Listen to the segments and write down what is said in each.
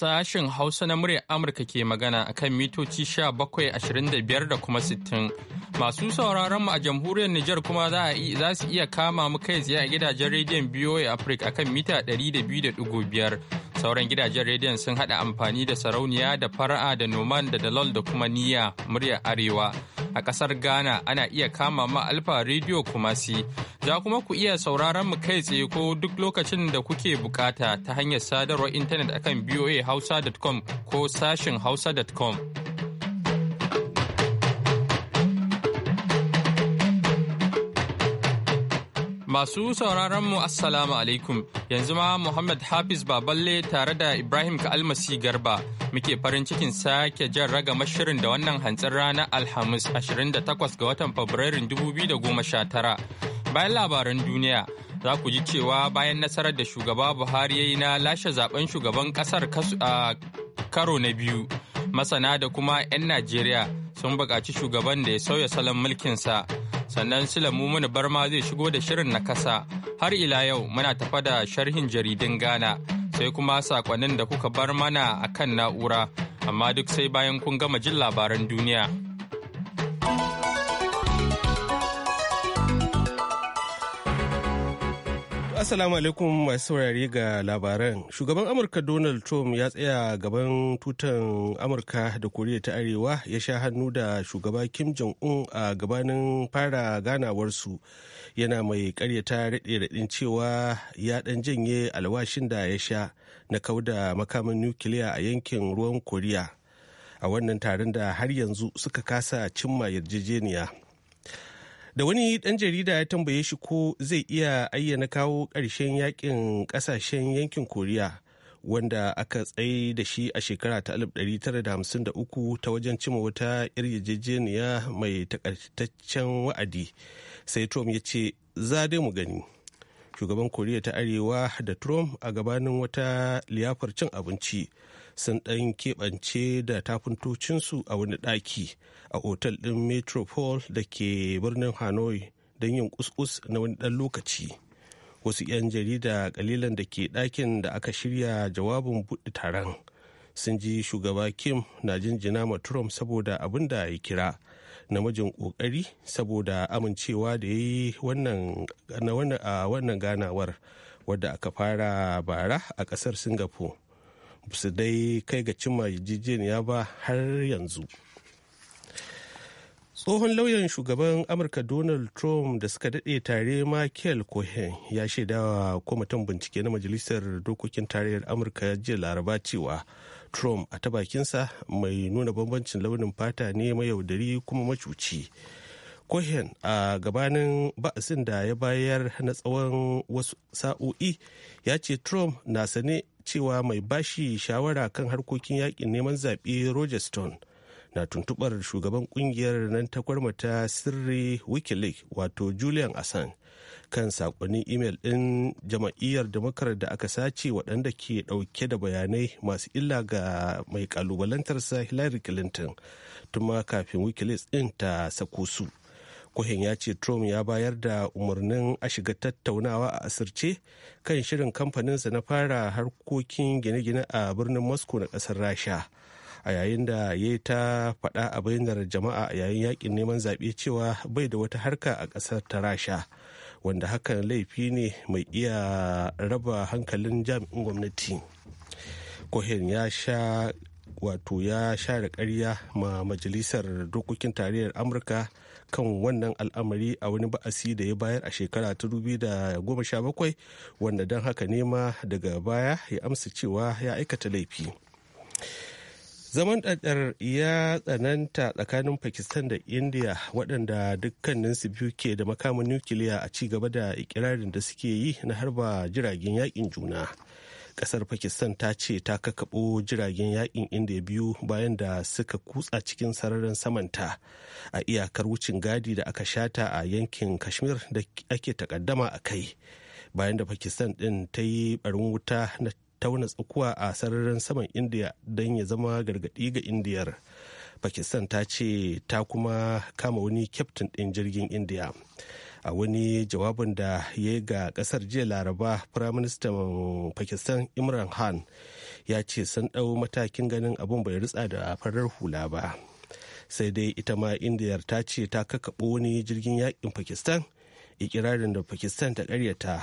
sashen Hausa na muryar Amurka ke magana akan mitoci sha bakwai ashirin da biyar da kuma sittin Masu sauraron mu a jamhuriyar Nijar kuma za su iya kama mu kai tsaye a gidajen rediyon BOA Africa akan mita ɗari da biyar Sauran gidajen rediyon sun haɗa amfani da sarauniya da fara'a da noman da dalol da kuma niyya muryar Arewa. a kasar Ghana ana iya kama ma Alfa Radio Kumasi. Za kuma ku iya sauraron mu kai tsaye ko duk lokacin da kuke bukata ta hanyar sadarwar intanet akan voahausa.com ko sashin hausa.com. Masu sauraronmu Assalamu alaikum yanzu ma Muhammad Hafiz Baballe tare da Ibrahim Kalmasi Garba muke farin cikin sake jan raga shirin da wannan hantsin ranar Alhamis 28 ga watan Fabrairun 2019. Bayan labaran duniya za ku ji cewa bayan nasarar da shugaba Buhari ya yi na lashe zaben shugaban kasar karo na biyu masana da kuma 'yan Najeriya sun buƙaci shugaban da ya sauya salon mulkinsa. sannan muna bar Barma zai shigo da shirin na kasa. Har ila yau muna tafa da sharhin jaridun Ghana sai kuma sakonnin da kuka bar mana a kan na'ura amma duk sai bayan kun gama jin labaran duniya. Assalamu alaikum masu saurari ga labaran. Shugaban Amurka Donald Trump ya tsaya gaban tutan Amurka da Koriya ta Arewa ya sha hannu da shugaba Kim Jong-un a gabanin fara ganawarsu yana mai karyata raɗe-raɗin cewa ya ɗan janye alwashin da ya sha na kauda makamin nukiliya a yankin ruwan Koriya a wannan taron da har yanzu suka kasa cimma yarjejeniya. da wani ɗan jarida ya tambaye shi ko zai iya ayyana kawo ƙarshen yakin ƙasashen yankin koriya wanda aka tsaye da shi a shekara ta 1953 ta wajen cima wata yarjejeniya mai takaitaccen wa'adi sai trump ya ce za dai mu gani shugaban koriya ta arewa da trump a gabanin wata liyafar cin abinci sun ɗan keɓance da tafintocinsu a wani ɗaki a otal ɗin metropole da ke birnin hanoi don yin kuskus na wani ɗan lokaci wasu 'yan jarida kalilan da ke ɗakin da aka shirya jawabin buɗe taron sun ji shugaba kim na jinjina ma trump saboda abin da ya kira namijin ƙoƙari saboda amincewa da ya yi wannan ganawar wadda aka fara bara a ƙasar singapore su dai kai ga cimma yarjejeniya ba har yanzu tsohon lauyan shugaban amurka donald trump da suka dade tare michael cohen ya shaidawa kwamitin bincike na majalisar dokokin tarayyar amurka jiya laraba cewa trump a ta bakinsa mai nuna bambancin launin fata ne mayaudari kuma macuci cohen a gabanin ba'asin da ya bayar na tsawon wasu sa'o'i ya ce trump na sane cewa mai bashi shawara kan harkokin yakin neman zaɓe roger stone na tuntubar shugaban kungiyar nan ta kwarmata sirri wikileaks wato julian assange kan sakonnin imel ɗin jama'iyyar damakar da aka sace waɗanda ke ɗauke da bayanai masu illa ga mai ƙalubalantarsa hillary clinton tuma kafin wikileaks ɗin ta sako su. Cohen ya ce Trump ya bayar da umarnin a shiga tattaunawa a asirce kan shirin kamfaninsa na fara harkokin gine-gine a birnin Moscow na ƙasar Rasha. A yayin da ya yi ta faɗa a bayyanar jama'a a yayin yakin neman zaɓe cewa bai da wata harka a ƙasar ta Rasha, wanda hakan laifi ne mai iya raba hankalin jami'in gwamnati. kohen ya sha wato ya share karya ma majalisar dokokin tarayyar amurka kan wannan al'amari a wani ba'asi da ya bayar a shekara ta goma sha bakwai wanda don haka nema daga baya ya amsa cewa ya aikata laifi zaman ɗaɗɗar ya tsananta tsakanin pakistan da india waɗanda su biyu ke da makamin nukiliya a ci gaba da ikirarin da suke yi na harba jiragen yakin juna kasar pakistan ta ce ta kakaɓo jiragen yakin india biyu bayan da suka kutsa cikin sararin samanta a iyakar wucin gadi da aka shata a yankin kashmir da ake takaddama a kai bayan da pakistan din ta yi barin wuta na tauna tsakuwa a sararin saman india don ya zama gargadi ga indiyar pakistan ta ce ta kuma kama wani kyaftin din jirgin india. a wani jawabin da ya yi ga kasar jiya laraba prime firaministan pakistan imran khan ya ce sun ɗau matakin ganin abin bai ritsa da farar hula ba sai dai ita ma indiyar ta ce ta kakaɓo wani jirgin yakin pakistan ikirarin da pakistan ta ƙaryata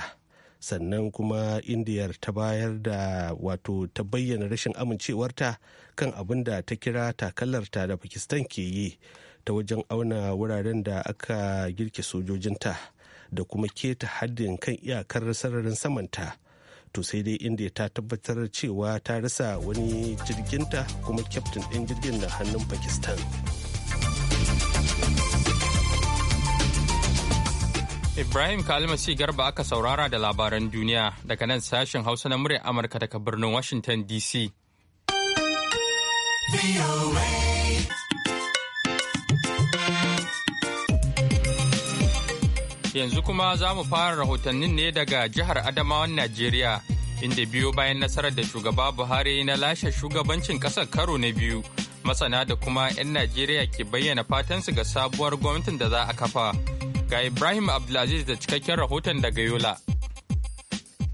sannan kuma indiyar ta bayar da wato ta bayyana rashin amincewarta kan abin da ta kira takallarta da pakistan ke yi ta wajen auna wuraren da aka girke sojojinta da kuma keta haddin kan iyakar sararin samanta to sai dai inda ta tabbatar cewa ta rasa wani jirginta kuma kyaftin ɗin jirgin na hannun pakistan Ibrahim si Garba aka saurara da labaran duniya daga nan sashen Hausa na murya Amurka daga birnin Washington DC. Yanzu kuma za mu fara rahotannin ne daga jihar Adamawan Najeriya, inda biyo bayan nasarar da shugaba Buhari na lashe shugabancin ƙasar karo na biyu. Masana da kuma 'yan Najeriya ke bayyana fatansu ga sabuwar gwamnatin da za a kafa. Ga Ibrahim Abdulaziz da cikakken rahoton daga Yola.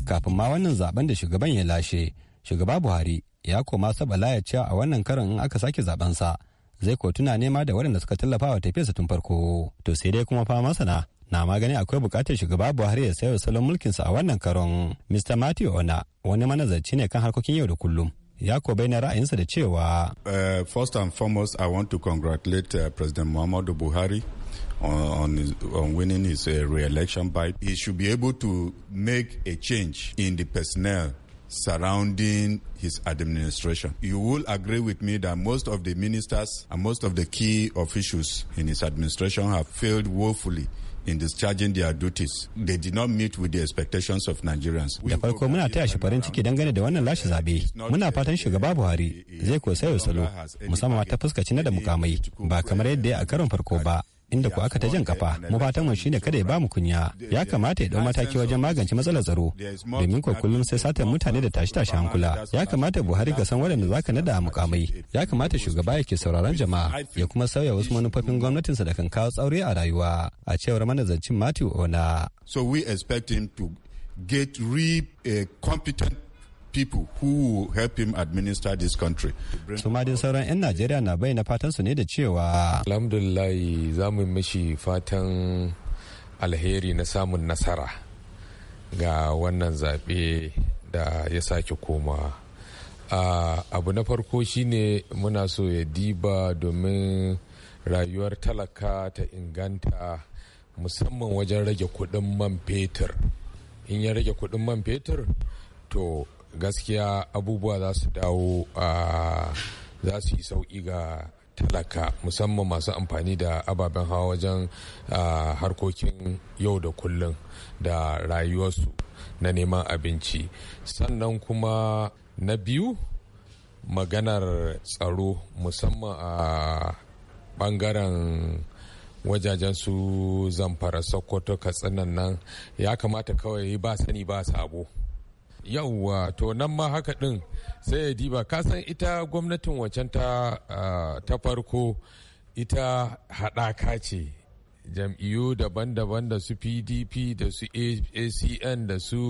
Kafin ma wannan zaben da shugaban ya lashe, shugaba Buhari ya koma saba ya cewa a wannan karon in aka sake zaben sa. zai kotuna nema da waɗanda suka tallafa wa tafiyarsa tun farko to sai dai kuma fama sana. na magani akwai bukatar shugaba buhari ya sayar salon mulkinsa a wannan karon mr matthew ona wani manazarci ne kan harkokin yau da kullum ya ko bayyana ra'ayinsa da cewa eh, first and foremost i want to congratulate uh, president muhammadu buhari on, his, on, winning his uh, re-election by he should be able to make a change in the personnel surrounding his administration. You will agree with me that most of the ministers and most of the key officials in his administration have failed woefully in discharging their duties. They did not meet with the expectations of Nigerians. Da farko muna taya shi farin ciki dangane da wannan lashe zabe. Muna fatan shugaba Buhari zai ko ya salo musamman ta fuskaci na da mukamai ba kamar yadda ya a karon farko ba. inda ku aka ta jan kafa mu fatan mu shine kada ya ba mu kunya ya kamata ya dau mataki wajen magance matsalar tsaro domin ko kullum sai satar mutane da tashi tashi hankula ya kamata Buhari ga san wadanda zaka nada mukamai ya kamata shugaba yake sauraron jama'a ya kuma sauya wasu manufofin gwamnatinsa da kan kawo tsaure a rayuwa a cewar manazancin Matthew Ona so we expect him to get re a eh, competent people who will help him administer this country. ma sauran 'yan Najeriya na bayyana fatan su ne da cewa. Alhamdulillah za mu mishi fatan alheri na samun nasara ga wannan zaɓe da ya sake koma. Abu na farko shine muna so ya diba domin rayuwar talaka ta inganta musamman wajen rage kuɗin man fetur. in ya rage kudin man fetur to gaskiya abubuwa za su dawo za su yi sauƙi ga talaka musamman masu amfani da ababen hawa wajen harkokin yau da kullum da rayuwarsu na neman abinci sannan kuma na biyu maganar tsaro musamman a bangaren wajajen su zamfara sokoto katsinan nan ya kamata kawai ba sani ba sabo yauwa to nan ma haka din sai ya diba kasan ita gwamnatin wancan ta ta farko ita haɗaka ce jam'iyyu daban-daban da su pdp da su acn da su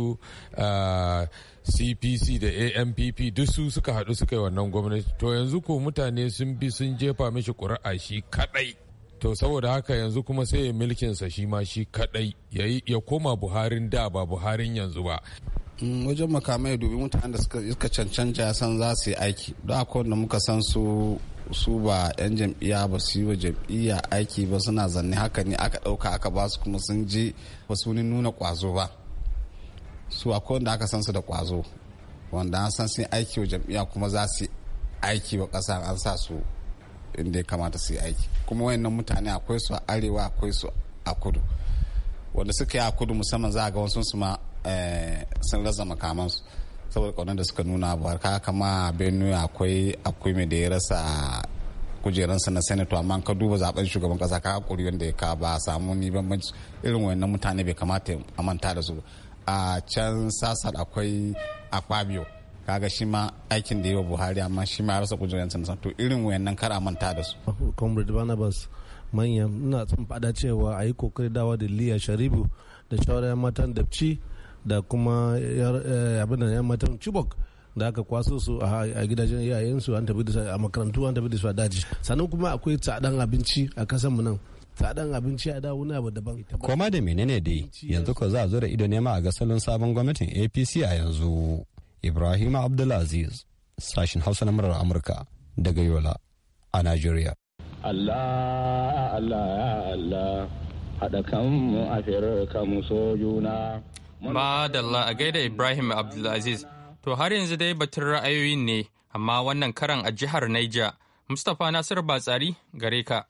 cpc da ampp duk su suka haɗu suka yi wannan gwamnati to yanzu ko mutane sun bi sun jefa mishi ƙuri'a shi kaɗai to saboda haka yanzu kuma sai ya mulkinsa shi ma shi kaɗai ya koma buharin da ba buharin yanzu ba Mm, wajen makamai dubi mutanen da suka cancanta ya san za su yi aiki da akwai wanda muka san su su ba 'yan jam'iyya ba su yi wa jam'iyya aiki ba suna zanne haka ne aka ɗauka aka ba su kuma sun je ba su nuna kwazo ba su akwai wanda aka san su da kwazo wanda an san sun aiki wa jam'iyya kuma za su yi aiki wa ƙasa an sa su inda ya kamata su yi aiki kuma wayannan mutane akwai su a arewa akwai su a kudu wanda suka yi a kudu musamman za a ga wasu ma Eh, sun rasa makamansu saboda kaunar da suka nuna buhari kama benue akwai akwai mai da ya rasa kujeransa na senator amma ka duba zaben shugaban kasa ka hakuri wanda ya ka ba samu ni banci irin wannan mutane bai kamata a manta da su a can sasar akwai akpabio kaga shi ma aikin da yi wa buhari amma shi ma ya rasa kujeransa na to irin wayannan kar a manta da su comrade barnabas manya ina son fada cewa a yi kokari dawa da liya sharibu da shawarar matan dabci da kuma eh, abin da yan matan chibok da aka kwaso su a gidajen iyayensu an tafi da a makarantu an tafi da su a daji sannan kuma akwai tsadan abinci a kasan mu nan tsadan abinci a da wani abu daban koma da menene dai yanzu ko za a zo da ido nema a ga salon sabon gwamnatin APC a yanzu Ibrahim Abdulaziz sashin Hausa na murar Amurka daga Yola a Najeriya Allah Allah Allah haɗa kanmu a fere kanmu so juna Madalla a gaida Ibrahim Abdulaziz. To har yanzu dai batun ra'ayoyin ne, amma wannan karan a jihar Niger. Mustapha Nasiru Batsari gare ka.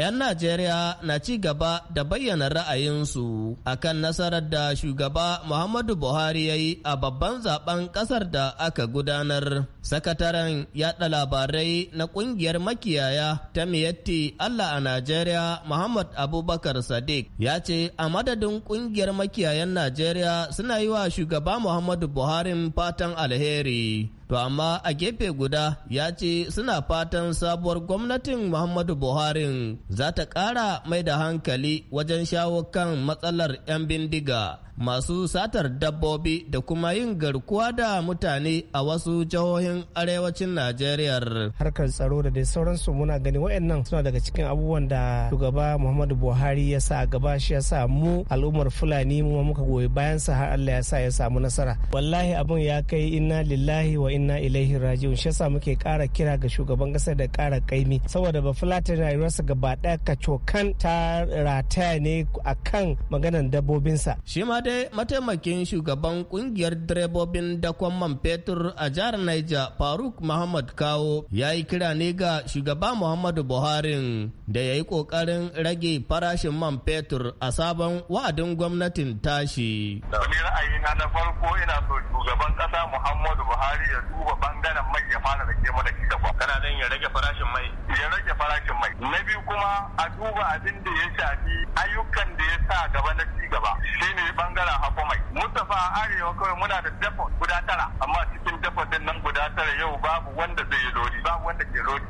'Yan Najeriya na ci gaba da bayyana ra'ayinsu a kan nasarar da shugaba Muhammadu Buhari ya yi a babban zaben ƙasar da aka gudanar. Sakataren yaɗa labarai na ƙungiyar makiyaya ta miyatti Allah a Najeriya Muhammad Abubakar Sadiq ya ce a madadin ƙungiyar makiyayan Najeriya suna yi wa shugaba Muhammadu Buhari fatan alheri. To amma a gefe guda ya ce suna fatan sabuwar gwamnatin Muhammadu Buhari za ta ƙara mai da hankali wajen shawo kan matsalar 'yan bindiga masu satar dabbobi da kuma yin garkuwa da mutane a wasu jihohin arewacin Najeriya. Harkar tsaro da dai sauransu muna gani waɗannan suna daga cikin abubuwan da shugaba Muhammadu Buhari ya sa gaba shi ya sa mu al'ummar Fulani mu muka goyi bayan sa har Allah ya sa ya samu nasara. Wallahi abin ya kai inna lillahi wa inna ilaihi raji'un shi yasa muke kara kira ga shugaban kasa da kara kaimi saboda ba fulata na rasa gaba ka kacokan ta rataya ne a kan maganan dabbobinsa shi ma dai mataimakin shugaban kungiyar direbobin dakon man fetur a jihar Niger Faruk Muhammad Kawo ya yi kira ne ga shugaba Muhammadu Buhari da ya yi kokarin rage farashin man fetur a sabon wa'adin gwamnatin tashi. Ni ra'ayina na farko ina so shugaban kasa Muhammadu Buhari ya duba bangaren mai ya fara rage da shi da kana nan ya rage farashin mai ya rage farashin mai na biyu kuma a duba abin da ya shafi ayyukan da ya sa gaba na ci gaba shine bangaren hako mai Mustapha Arewa kawai muna da depot guda tara amma cikin depot din nan guda tara yau babu wanda zai yi lodi babu wanda ke lodi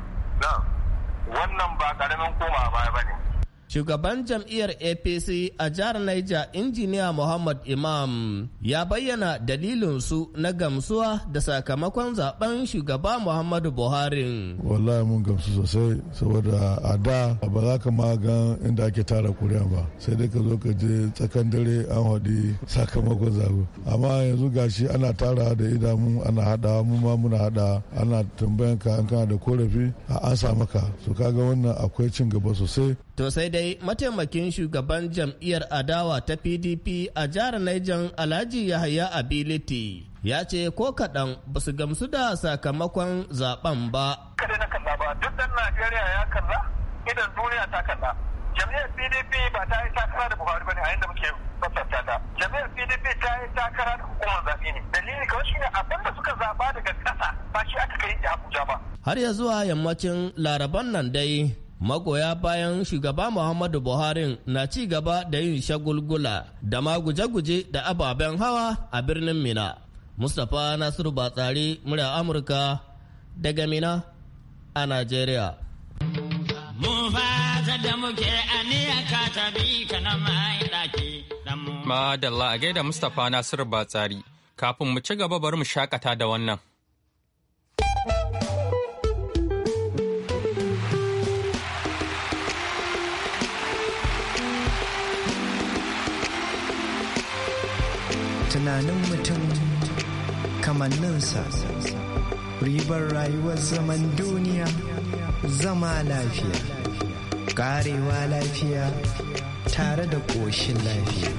wannan ba karamin koma baya ne. Shugaban jam'iyyar APC a jihar Niger injiniya Muhammad Imam ya bayyana dalilin su na gamsuwa da sakamakon zaben shugaba Muhammadu Buhari. Wallahi mun gamsu sosai saboda a da ba za ka ma gan inda ake tara kuri'a ba sai dai ka zo ka je tsakan dare an haɗi sakamakon zaɓe. Amma yanzu gashi ana tara da idanu ana haɗa mu ma muna haɗa ana tambayan ka an kana da korafi a an ka so ka kaga wannan akwai cin gaba sosai. To sai dai mataimakin shugaban jam'iyyar adawa ta PDP a jihar Niger Alhaji Yahaya Ability ya ce ko kaɗan ba su gamsu da sakamakon zaben ba. Kada na kalla ba duk ɗan Najeriya ya kalla idan duniya ta kalla. Jam'iyyar PDP ba ta yi takara da Buhari ba ne a inda muke fassarta ta. Jam'iyyar PDP ta yi takara da hukumar zaɓe ne. Dalili kawai shi ne abin da suka zaɓa daga ƙasa ba shi aka kai Abuja ba. Har ya zuwa yammacin Laraban nan dai magoya bayan shugaba Muhammadu Buhari na ci gaba da yin shagulgula da ma guje-guje da ababen hawa a birnin Mina. Mustapha Nasiru Batsari murya Amurka daga Mina a Najeriya. Madalla a gaida Mustapha Nasiru Batsari, kafin mu ci gaba bari mu shakata da wannan. tunanin mutum kamanninsa ribar rayuwar zaman duniya zama lafiya karewa lafiya tare da ƙoshin lafiya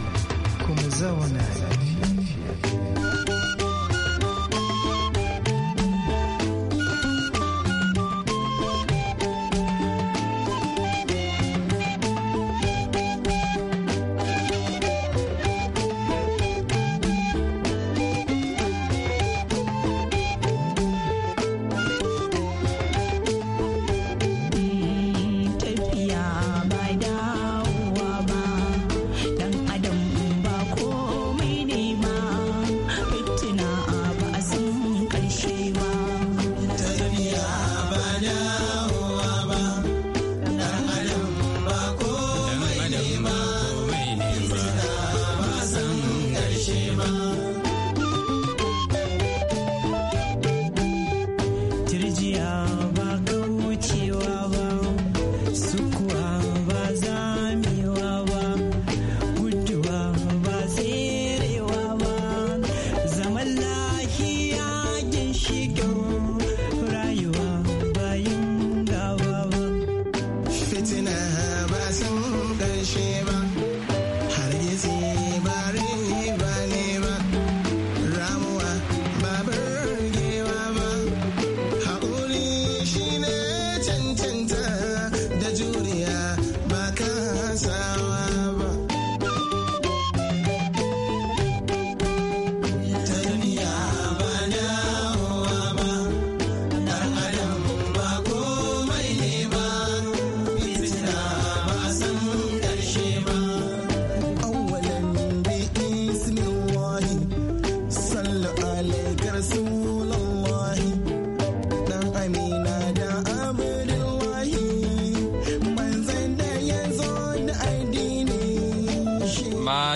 kuma zauna lafiya Fatima.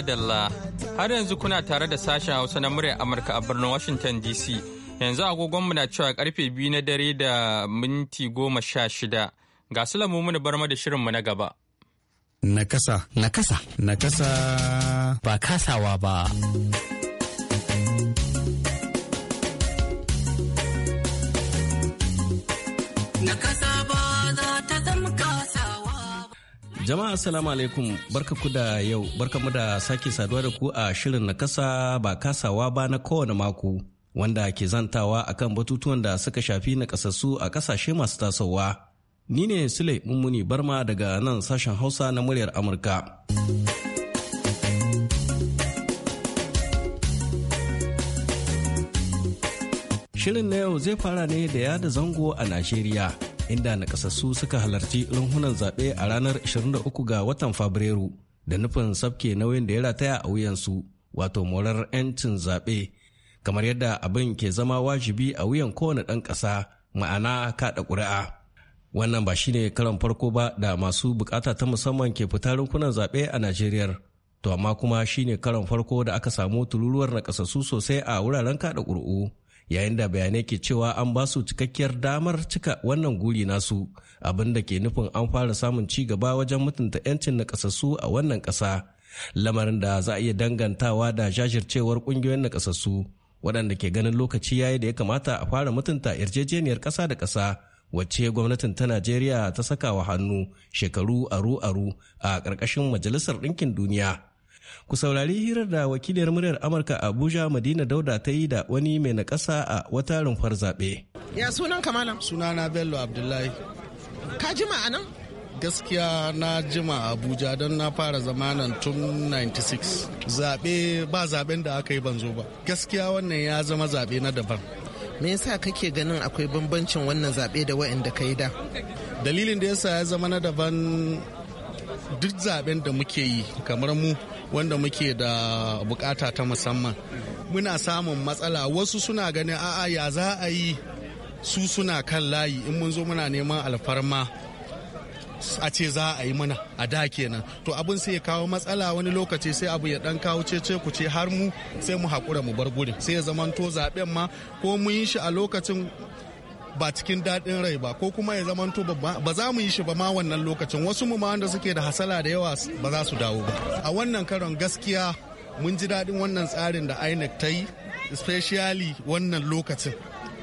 Adalla. har yanzu kuna tare da sashen hausa na muryar amurka a birnin washington dc yanzu agogonmu na cewa karfe biyu na dare da minti goma sha shida ga su lamumuni barma da shirinmu na gaba nakasa nakasa nakasa ba kasawa ba nakasa Jama'a assalamu alaikum barkaku da yau barka mu da sake saduwa da ku a shirin na kasa ba kasawa ba na kowane mako wanda ke zantawa akan batutuwan da suka shafi na kasassu a kasashe masu tasowa. Ni ne Sule Mummuni Barma daga nan sashen Hausa na muryar Amurka. Shirin na yau zai fara ne da yada zango a Najeriya. inda nakasassu suka halarci runhunan zaɓe a ranar 23 ga watan Fabrairu da nufin sabke nauyin da ya rataya a wuyansu wato morar 'yancin zaɓe kamar yadda abin ke zama wajibi a wuyan kowane ɗan ƙasa ma'ana kaɗa ƙuri'a. Wannan ba shine karon farko ba da masu bukata ta musamman ke fita rinkunan zaɓe a Najeriya. To amma kuma shine karon farko da aka samu tururuwar nakasassu sosai a wuraren kaɗa ƙuri'u. yayin da bayanai ke cewa an ba su cikakkiyar damar cika wannan guri nasu abin da ke nufin an fara samun ci gaba wajen mutunta 'yancin nakasassu a wannan ƙasa lamarin da za a iya dangantawa da jajircewar ƙungiyoyin nakasassu waɗanda ke ganin lokaci yayi da ya kamata a fara mutunta yarjejeniyar ƙasa da ƙasa wacce gwamnatin ta najeriya ta saka wa hannu shekaru aru-aru a ƙarƙashin majalisar ɗinkin duniya Ku saurari hirar da wakiliyar muryar Amurka Abuja Madina Dauda ta yi da wani mai nakasa a wata rumfar zaɓe. Ya sunan Suna Sunana Bello Abdullahi. Ka jima a nan? Gaskiya na jima Abuja don na fara zamanan tun 96. Zaɓe ba zaɓen da aka yi ban ba. Gaskiya wannan ya zama zaɓe na daban. me yasa kake ganin akwai bambancin wannan zaɓe da waɗanda ka yi da dalilin da yasa ya zama na daban duk zaben da muke yi kamar mu wanda muke da bukata ta musamman muna samun matsala wasu suna ganin a'a ya za a yi su suna kan layi in mun zo muna neman alfarma a ce za a yi mana a da kenan to abin sai ya kawo matsala wani lokaci sai abu ya dan kawo cece ku ce har mu sai mu haƙura mu bar gudun sai ya zamanto zaben ma ko mun yi shi a lokacin ba cikin daɗin rai ba ko kuma ya zamanto ba za mu yi shi ba ma wannan lokacin wasu mu ma wanda suke da hasala da yawa ba za su dawo ba a wannan karon gaskiya mun ji daɗin wannan tsarin da inec ta yi especially wannan lokacin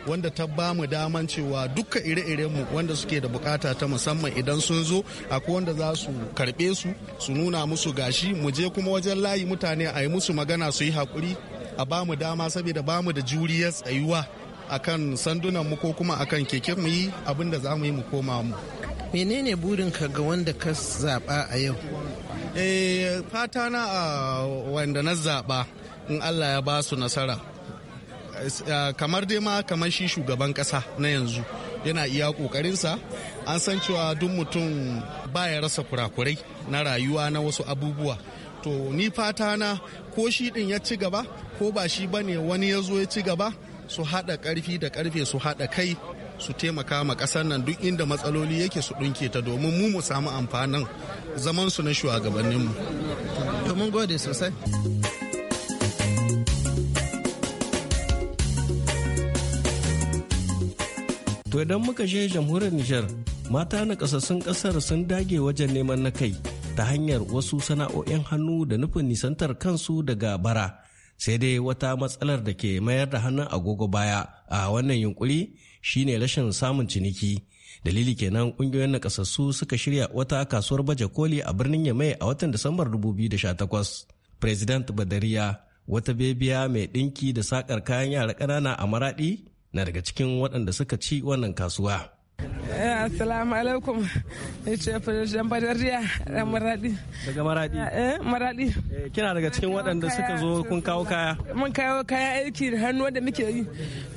wanda ta ba mu daman cewa duka ire iren mu wanda suke da bukata ta musamman idan sun zo akwai wanda za su karbe su su nuna musu gashi mu je kuma wajen layi mutane a yi musu magana su yi hakuri a ba mu dama saboda ba mu da juriyar tsayuwa akan sandunan mu ko kuma akan keke mu yi abin da za mu yi mu koma mu menene burin ka ga wanda ka zaɓa a yau eh, fata na a ah, wanda na zaɓa in allah ya ba su nasara ah, kamar dai ma kamar shi shugaban kasa na yanzu yana iya ƙoƙarinsa an san cewa duk mutum ba ya rasa kurakurai na rayuwa na wasu abubuwa to ni fata na ko shi din ya ci gaba ko ba shi bane wani ya zo ya ci gaba su haɗa ƙarfi da ƙarfe su haɗa kai su taimaka ma ƙasar nan duk inda matsaloli yake su ɗunke ta domin mu mu samu amfanin zaman su na shugabanninmu. Domin gode sosai. To idan muka je jamhuriyar Nijar, mata na kasassun ƙasar sun dage wajen neman na kai ta hanyar wasu sana'o'in hannu da nufin nisantar kansu daga bara. sai dai wata matsalar da ke mayar da hannun agogo baya a wannan yunkuri shine rashin samun ciniki dalili kenan kungiyoyin nakasassu suka shirya wata kasuwar baje koli a birnin yamai a watan disambar 2018 president badariya wata bebiya mai ɗinki da sakar kayan yara ƙanana a maraɗi na daga cikin waɗanda suka ci wannan kasuwa Eh, assalamu alaikum. Ce Firjan Badariya ɗan maradi. Daga maradi? Eh, maradi. Eh, kina daga cikin waɗanda suka zo kun kawo kaya? Mun kawo kaya aiki da hannu wanda muke yi.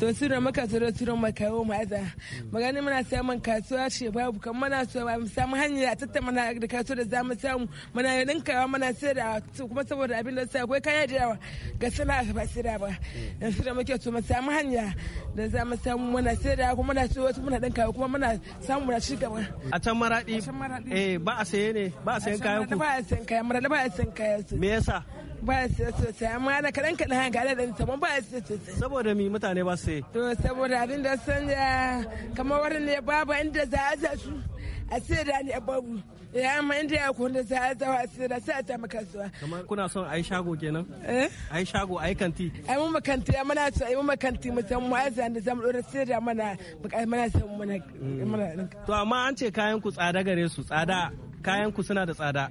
To sura maka sura sura mai kawo mu aza. Magani muna samun kasuwa ce babu kan muna so ba mu samu hanyar a tattara mana da kasuwa da zamu samu muna yin dinkawa muna sai da kuma saboda abin da sai akwai kaya da yawa ga sana a ba sai da ba. Yan sura muke so mu samu hanya da zamu samu muna sai da kuma muna so wasu muna dinkawa kuma muna samu muna ci gaba a can maradi eh ba a saye ne ba a sayan kayan ku ba a sayan kayan maradi ba a sayan kayan su me yasa ba a saye sosai amma ana kaɗan kaɗan haka da ɗan saman ba a saye sosai saboda mi mutane ba su saye to saboda abin da sanya eh, kamar wani ne babu inda za a su a sai da ni babu ya amma inda ya kun da a zawa su da sai ta maka zuwa kuna son a yi shago kenan eh yi shago a yi kanti a yi makanti kanti ya mana su a yi mu san mu ai zan da zamu dora sai da mana bukai mana san mm. mana to amma an ce kayan ku tsada gare su tsada kayan ku suna da tsada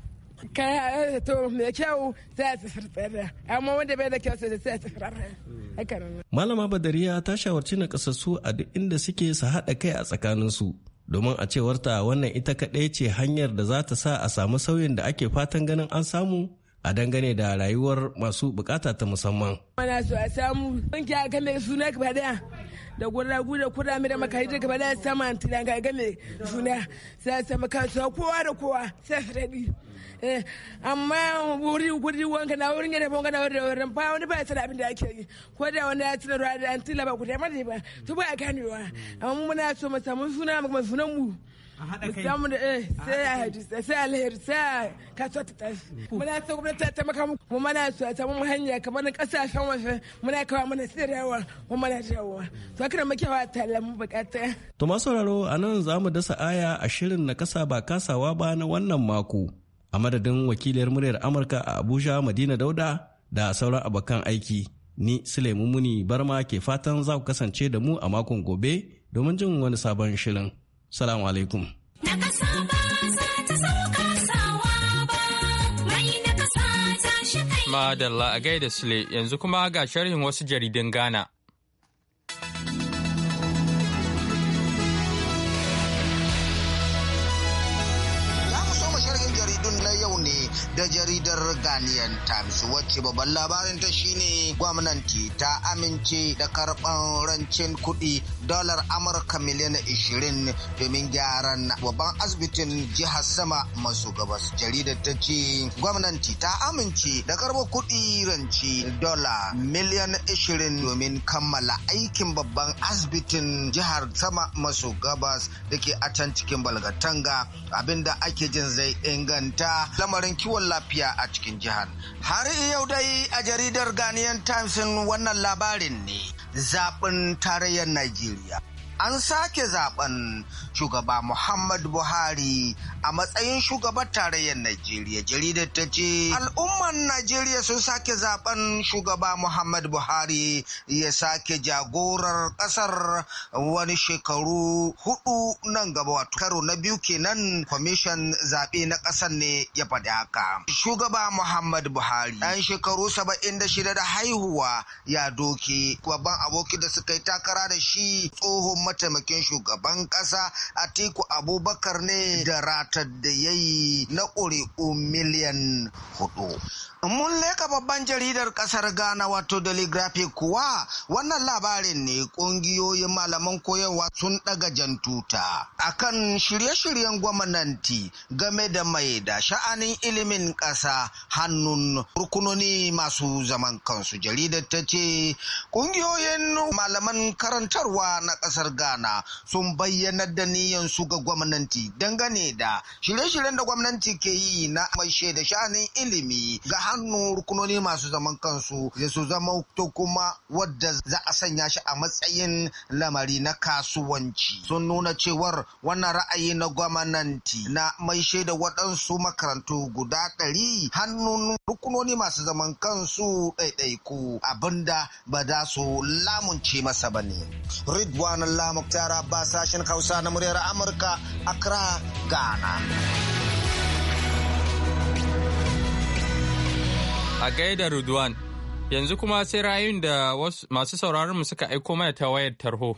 kaya eh, kyau sai kyau a malama badariya ta shawarci na kasassu a duk inda suke su haɗa kai a tsakaninsu domin a cewarta wannan ita kaɗai ce hanyar da za ta sa a samu sauyin da ake fatan ganin an samu a dangane da rayuwar masu bukata ta musamman. Mana so a samu suna da guragu da kurami da makari daga ba da su samu antila gagame juna sai su kasuwa kowa da kowa sai su daɗi eh, amma wuri wuri wanka na wurin yadda wanka na wurin wurin ba wani ba ya sanar abin da ake yi ko da wani ya ruwa da tila ba ku da ba su ba a ganewa amma muna so mu samu suna mu sunan mu samu da eh sai alheri sai alheri sai kasuwa ta tashi muna so gwamnati ta taimaka mu so ta mu hanya kamar kasashen waje muna kawo mana sirrewa mu mana jawo to kana muke wa tallan mu bukata to masu sauraro anan zamu dasa aya a shirin na kasa ba kasawa ba na wannan mako a madadin wakiliyar muryar amurka a abuja madina dauda da sauran abokan aiki ni sulaimu muni barma ke fatan za ku kasance da mu a makon gobe domin jin wani sabon shirin Salamu alaikum. Madalla a gaida Sule yanzu kuma ga sharhin wasu jaridun Ghana. yau ne da jaridar Ghanaian Times wacce babban labarin ta shine gwamnati ta amince da karɓan rancen kuɗi dalar Amurka miliyan 20 domin gyaran babban asibitin jihar sama masu gabas. Jaridar ta ce gwamnati ta amince da karɓar kuɗi ranci dola miliyan 20 domin kammala aikin babban asibitin jihar sama masu gabas da ke a can cikin balgatanga abinda ake jin zai inganta lamarin kiwon lafiya a cikin jihar har yau dai a jaridar ghanaian times wannan labarin ne zaɓin tarayyar najeriya an sake zaben shugaba Muhammadu Buhari a matsayin shugaban tarayyar Najeriya. Jaridar ta ce al'umman Najeriya sun sake zaben shugaba Muhammadu Buhari ya sake jagorar ƙasar wani shekaru hudu nan gaba wato karo na biyu kenan kwamishin zaɓe na ƙasar ne ya faɗi haka. Shugaba Muhammadu Buhari ɗan shekaru saba'in da shida da haihuwa ya doke babban aboki da suka yi takara da shi tsohon mataimakin shugaban ƙasa Atiku Abubakar ne da ratar da ya yi na ƙuri'u miliyan hudu. Mun leka babban jaridar kasar Ghana wato Daily kuwa wannan labarin ne ƙungiyoyin malaman koyarwa sun daga jantuta akan shirye-shiryen gwamnati game da mai da sha'anin ilimin ƙasa hannun rukunoni masu zaman kansu. Jaridar ta ce kungiyoyin malaman karantarwa na kasar Ghana sun bayyanar da su ga gwamnati dangane da shirye-shiryen da gwamnati ke yi na maishe da sha'anin ilimi ga hannun rukunoni masu zaman kansu da su zama ta kuma wadda za a sanya shi a matsayin lamari na kasuwanci. Sun nuna cewar wannan ra'ayi na gwamnati na maishe da waɗansu makarantu guda ɗari hannun rukunoni masu zaman kansu ɗaiɗaiku abinda ba za su lamunce masa ba ne. Ridwan Allah Mustapha Muktar Abbas sashen Hausa na muryar Amurka Accra, Ghana. A gaida Rudwan, yanzu kuma sai rayun da masu sauraron mu suka aiko mana ta wayar tarho.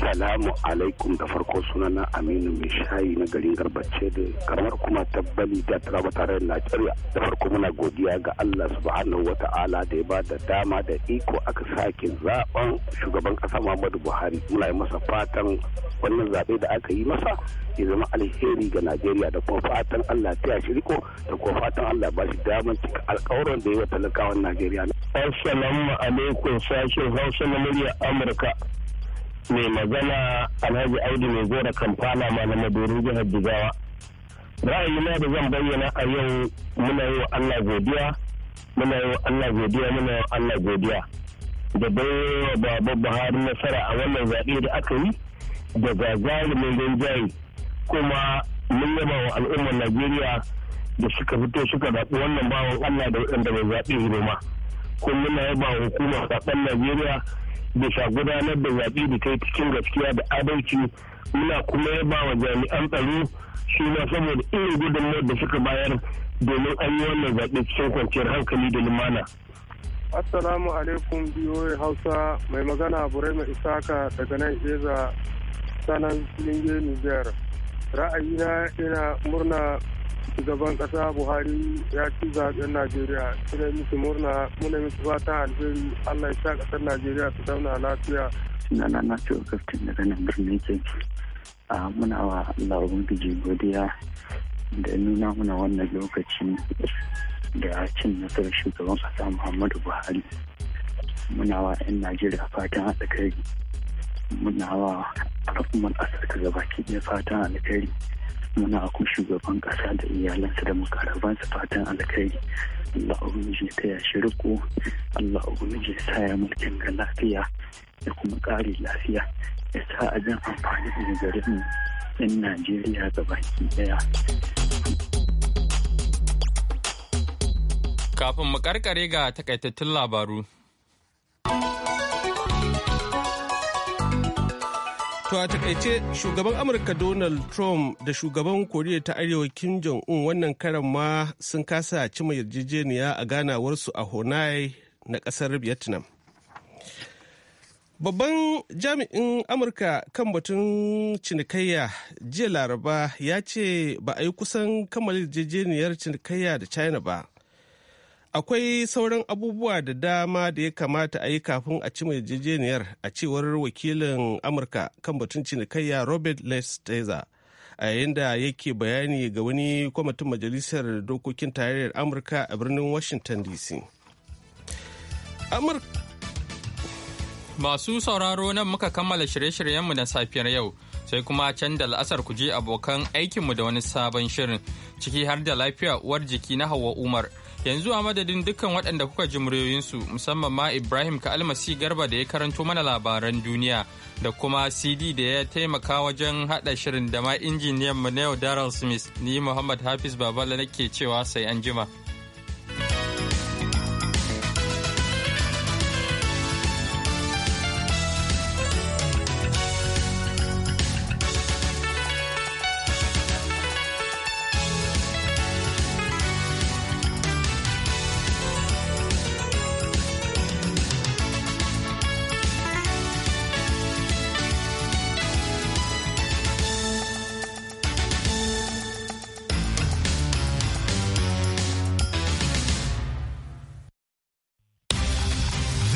salamu alaikum da farko sunana Aminu mai shayi na garin Garbace da kamar kuma tabbali da taraba tare da Najeriya. Da farko muna godiya ga Allah subhanahu wa ta'ala da ya ba da dama da iko aka sake zaben shugaban kasa Muhammadu Buhari. Muna yi masa fatan wannan zaɓe da aka yi masa ya zama alheri ga Najeriya da kuma fatan Allah ta shi riko da kuma fatan Allah ba shi damar cika alkawarin da ya wa talakawan Najeriya. Assalamu alaikum sashen Hausa na murya Amurka. mai magana alhaji audu mai gora kamfana malama dorin jihar jigawa na da zan bayyana a yau muna yi wa allah godiya muna yi wa allah godiya muna yi wa allah godiya da baiwa baba buhari nasara a wannan zaɓe da aka yi da gagarumin rinjaye kuma mun yaba wa al'ummar najeriya da suka fito suka zaɓi wannan bawan allah da waɗanda bai zaɓe shi ba kuma muna yaba wa hukumar zaɓen najeriya bisa gudanar da zaɓe da ta cikin gaskiya da adalci muna kuma yaba wa jami'an tsaro su na saboda irin gudunmuwar da suka bayar domin an yi wannan zaɓe cikin kwanciyar hankali da lumana. Assalamu alaikum biyoyi Hausa mai magana Burema Isaka daga nan Eza sanan Linge Niger. Ra'ayina ina murna shugaban kasa buhari ya ci zaben najeriya ina musu murna muna musu fata alheri allah ya sa kasar najeriya su zauna lafiya na na ce kaftin daga nan birnin a ah, muna wa larabun biji godiya da nuna muna wannan lokaci da cin nasarar shugaban kasa muhammadu buhari muna wa 'yan najeriya fatan haɗa kai muna wa al'ummar asar ta gabaki ke fatan alkhairi muna akwai shugaban ƙasa da iyalansa da makarabansa fatan alkhairi Allah ubangiji ta ya shi riko Allah ubangiji sa ya mulkin ga lafiya da kuma ƙari lafiya ya sa a jan amfani da garin ɗin Najeriya ga baki ɗaya. Kafin mu karkare ga takaitattun labaru To a takaice shugaban Amurka Donald Trump da shugaban Koriya ta Arewa Kim Jong-un wannan karan ma sun kasa cima yarjejeniya a ganawarsu a Honai na kasar Vietnam. Babban jami'in Amurka kan batun cinikayya jiya Laraba ya ce ba a yi kusan kammala yarjejeniyar cinikayya da China ba. akwai sauran abubuwa da dama da ya kamata a yi kafin a ci yarjejeniyar a cewar wakilin amurka kan batun cinikayya robert lesteza a yayin da yake bayani ga wani kwamitin majalisar dokokin tarayyar amurka a birnin washington dc masu sauraro nan muka kammala shirye-shiryenmu na safiyar yau sai kuma can da la'asar ku je abokan aikinmu da wani sabon shirin ciki har da lafiya uwar jiki na hawa umar Yanzu a madadin dukkan waɗanda kuka ji muryoyinsu musamman ma Ibrahim ka almasi garba da ya karanto mana labaran duniya da kuma CD da ya taimaka wajen haɗa shirin da ma injiniyan mu na yau Daryl Smith ni Muhammad Hafiz Babala nake cewa sai an jima.